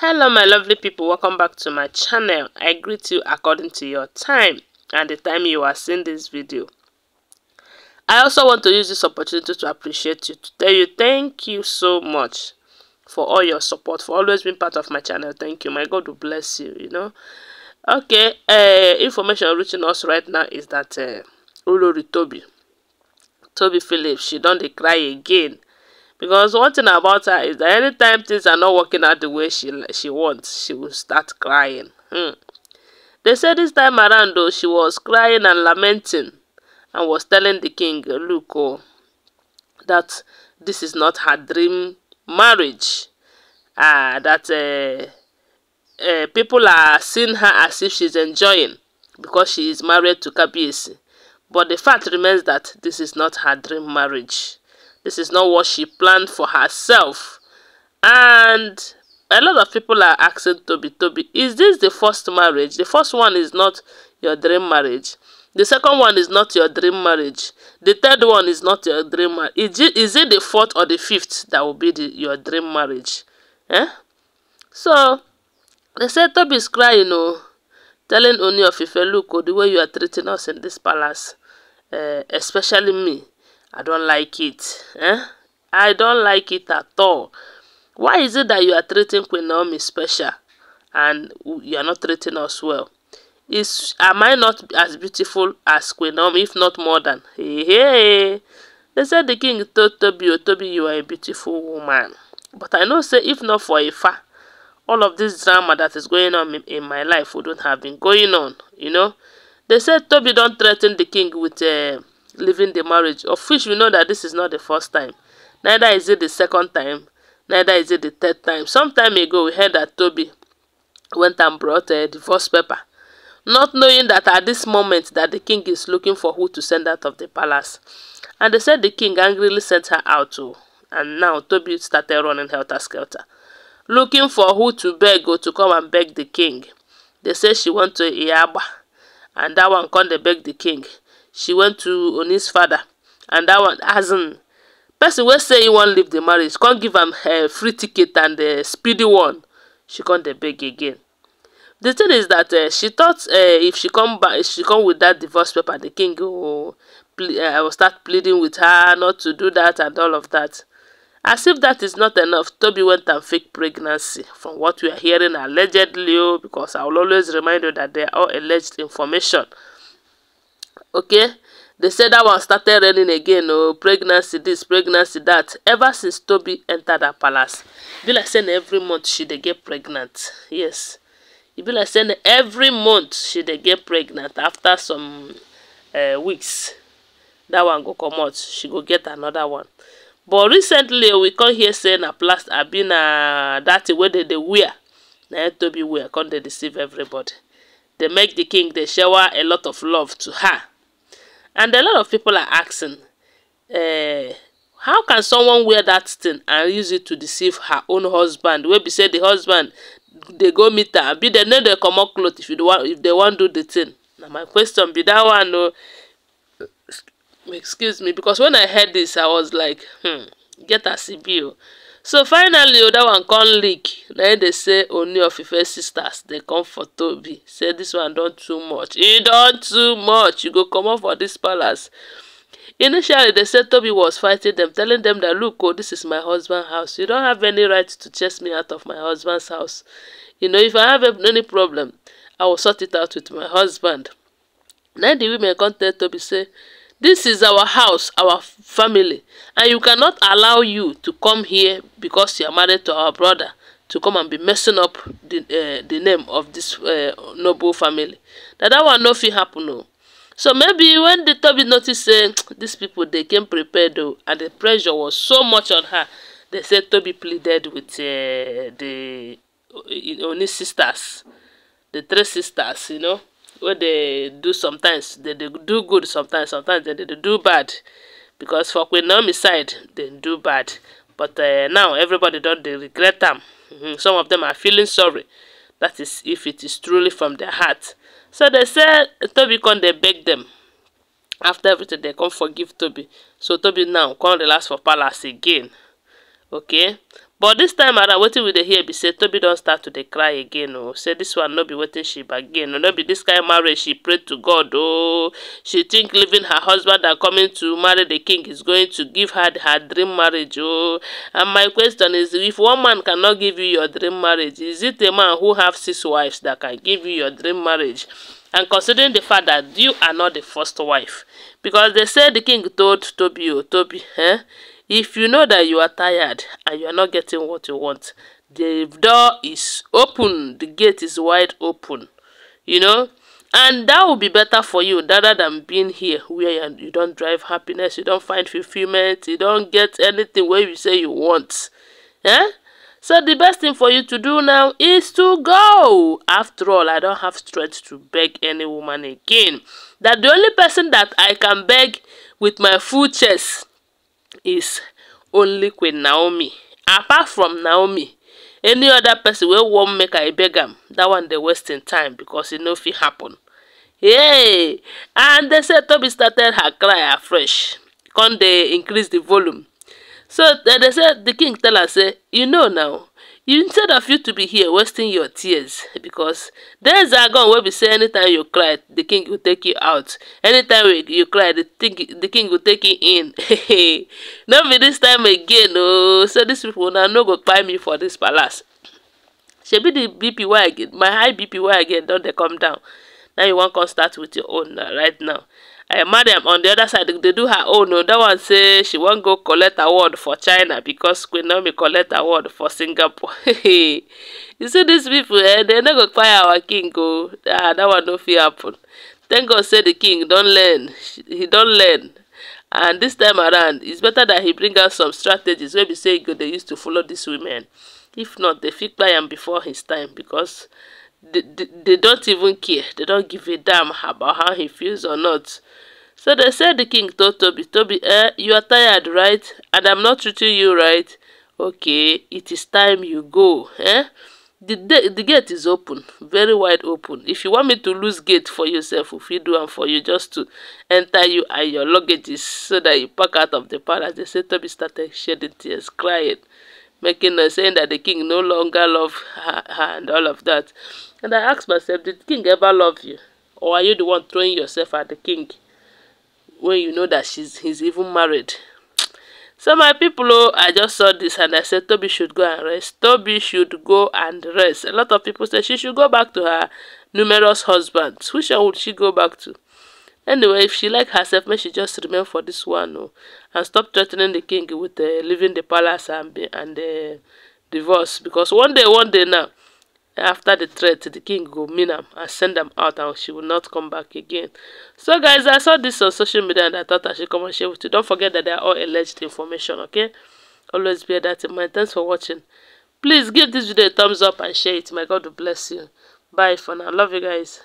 hello my lovely people welcome back to my channel i greet you according to your time and the time you are seeing this video i also want to use this opportunity to appreciate you to tell you thank you so much for all your support for always being part of my channel thank you my god will bless you you know okay uh information reaching us right now is that uh Olori Tobi Tobi Phillips she don't cry again Because one thing about her is that anytime things are not working out the way she she wants, she will start crying. Hmm. They said this time around though, she was crying and lamenting and was telling the king, look, oh, that this is not her dream marriage. Uh, that uh, uh, people are seeing her as if she's enjoying because she is married to Kabiesi. But the fact remains that this is not her dream marriage. This is not what she planned for herself. And a lot of people are asking Toby, Toby, is this the first marriage? The first one is not your dream marriage. The second one is not your dream marriage. The third one is not your dream marriage. Is, is it the fourth or the fifth that will be the, your dream marriage? Eh? So, they said Toby is crying, you oh, know, telling Oni of Ife, look, oh, the way you are treating us in this palace, uh, especially me, I don't like it. Eh? I don't like it at all. Why is it that you are treating Queen Naomi special and you are not treating us well? Is am I not as beautiful as Queen Naomi, if not more than? Hey, hey. They said the king told Toby, oh, Toby, you are a beautiful woman. But I know, say, if not for Ifa, all of this drama that is going on in, my life wouldn't have been going on, you know. They said Toby don't threaten the king with uh, leaving the marriage, of which we know that this is not the first time. Neither is it the second time. Neither is it the third time. Some time ago, we heard that Toby went and brought a uh, divorce paper, not knowing that at this moment that the king is looking for who to send out of the palace. And they said the king angrily sent her out too. Oh. And now Toby started running helter-skelter, looking for who to beg or oh, to come and beg the king. They said she went to Iyaba, and that one come they beg the king she went to Oni's father and that one hasn't person wey say he won't leave the marriage Can't give him a eh, free ticket and uh, speedy one she can't. dey beg again the thing is that uh, she thought uh, if she come back if she come with that divorce paper the king will, uh, will start pleading with her not to do that and all of that as if that is not enough Toby went and fake pregnancy from what we are hearing allegedly oh, because I will always remind you that they are all alleged information okay they say that one started raining again oh pregnancy this pregnancy that ever since toby entered that palace e be like say every month she dey get pregnant yes e be like saying every month she dey get pregnant after some uh, weeks that one go come out, she go get another one but recently we come hear say na plaster abi na that thing wey they wear Now Toby wear come they deceive everybody They make the king, they shower a lot of love to her. And a lot of people are asking, uh, how can someone wear that thing and use it to deceive her own husband? Wey be say the husband they go meet her, abi dem they come up close. if, you want, if they want to do the thing? Now, my question be that one No, excuse me, because when I heard this, I was like, hmm, get a CBO." E so finally that one con leak na im dey say oni of ife sisters dey come for tobi say this one don too much e don too much you go comot for dis palace initially dey say tobi was fighting dem telling dem that look oh this is my husband house you don have any right to chase me out of my husband's house you know if i have any problem i will sort it out with my husband na the women come tell tobi say This is our house, our family, and you cannot allow you to come here because you are married to our brother to come and be messing up the uh, the name of this uh, noble family. That that one nothing happen oh. So maybe when the Toby noticed say these people they came prepared though, and the pressure was so much on her, they said Toby pleaded with uh, the uh, only sisters, the three sisters, you know wey dey do sometimes dem dey do good sometimes sometimes dem dey do bad because for queen naomi side dem do bad but uh, now everybody don dey regret am mm -hmm. some of them are feeling sorry that is if it is truly from their heart so they say Toby come dey beg them after everything they come forgive Toby. so Toby now come relax for palace again okay but this time around wetin we dey hear be say tobi don start to dey cry again o oh. say this one no be wetin she bargain o oh. no be dis kind marriage she pray to god o oh. she think leaving her husband and coming to marry the king is going to give her her dream marriage o and my question is if one man cannot give you your dream marriage is it a man who have six wives that can give you your dream marriage and considering the fact that you are not the first wife because they say the king told tobi o tobi eh If you know that you are tired and you are not getting what you want, the door is open, the gate is wide open, you know. And that will be better for you rather than being here where you don't drive happiness, you don't find fulfillment, you don't get anything where you say you want. Yeah? So the best thing for you to do now is to go. After all, I don't have strength to beg any woman again. That the only person that I can beg with my full chest is only queen naomi apart from naomi any other person will wan make i beg am dat one they wasting im time becos e no fit happen Yay! And they said Toby started her cry afresh. Can they increase the volume. So they, they said the king tell her say, you know now, instead of you to be here wasting your tears because there's a gun where we say anytime you cry the king will take you out anytime you cry the, king, the king will take you in Not me this time again oh! so these people now no go kpai me for this palace She be the bp wey i get my high bp wey i get don dey come down now you want to start with your own na right now Uh, Madam, on the other side, they do her own. no, that one say she won't go collect award for China because Queen Naomi collect award for Singapore. you see these people, eh? They never go fire our king, go. Oh. Ah, that one no fear happen. Thank God say the king don't learn. He don't learn. And this time around, it's better that he bring out some strategies where we say go they used to follow these women. If not, they fit by him before his time because they, they, don't even care. They don't give a damn about how he feels or not. So they said the king told Toby, Toby, eh, you are tired, right? And I'm not treating you right. Okay, it is time you go. Eh? The, the, the gate is open, very wide open. If you want me to lose gate for yourself, if you do and for you, just to enter you and your luggages so that you pack out of the palace. They said Toby started shedding tears, crying, making a saying that the king no longer loved her, her and all of that. And I asked myself, did the king ever love you? Or are you the one throwing yourself at the king when you know that she's he's even married? So my people, oh, I just saw this and I said Toby should go and rest. Toby should go and rest. A lot of people said she should go back to her numerous husbands. Which one would she go back to? Anyway, if she like herself, may she just remain for this one oh, and stop threatening the king with uh, leaving the palace and, and uh, divorce. Because one day, one day now, after the threat, the king go mean them and send them out, and she will not come back again. So, guys, I saw this on social media and I thought I should come and share with you. Don't forget that they are all alleged information, okay? Always bear that in mind. Thanks for watching. Please give this video a thumbs up and share it. My God bless you. Bye for now. Love you guys.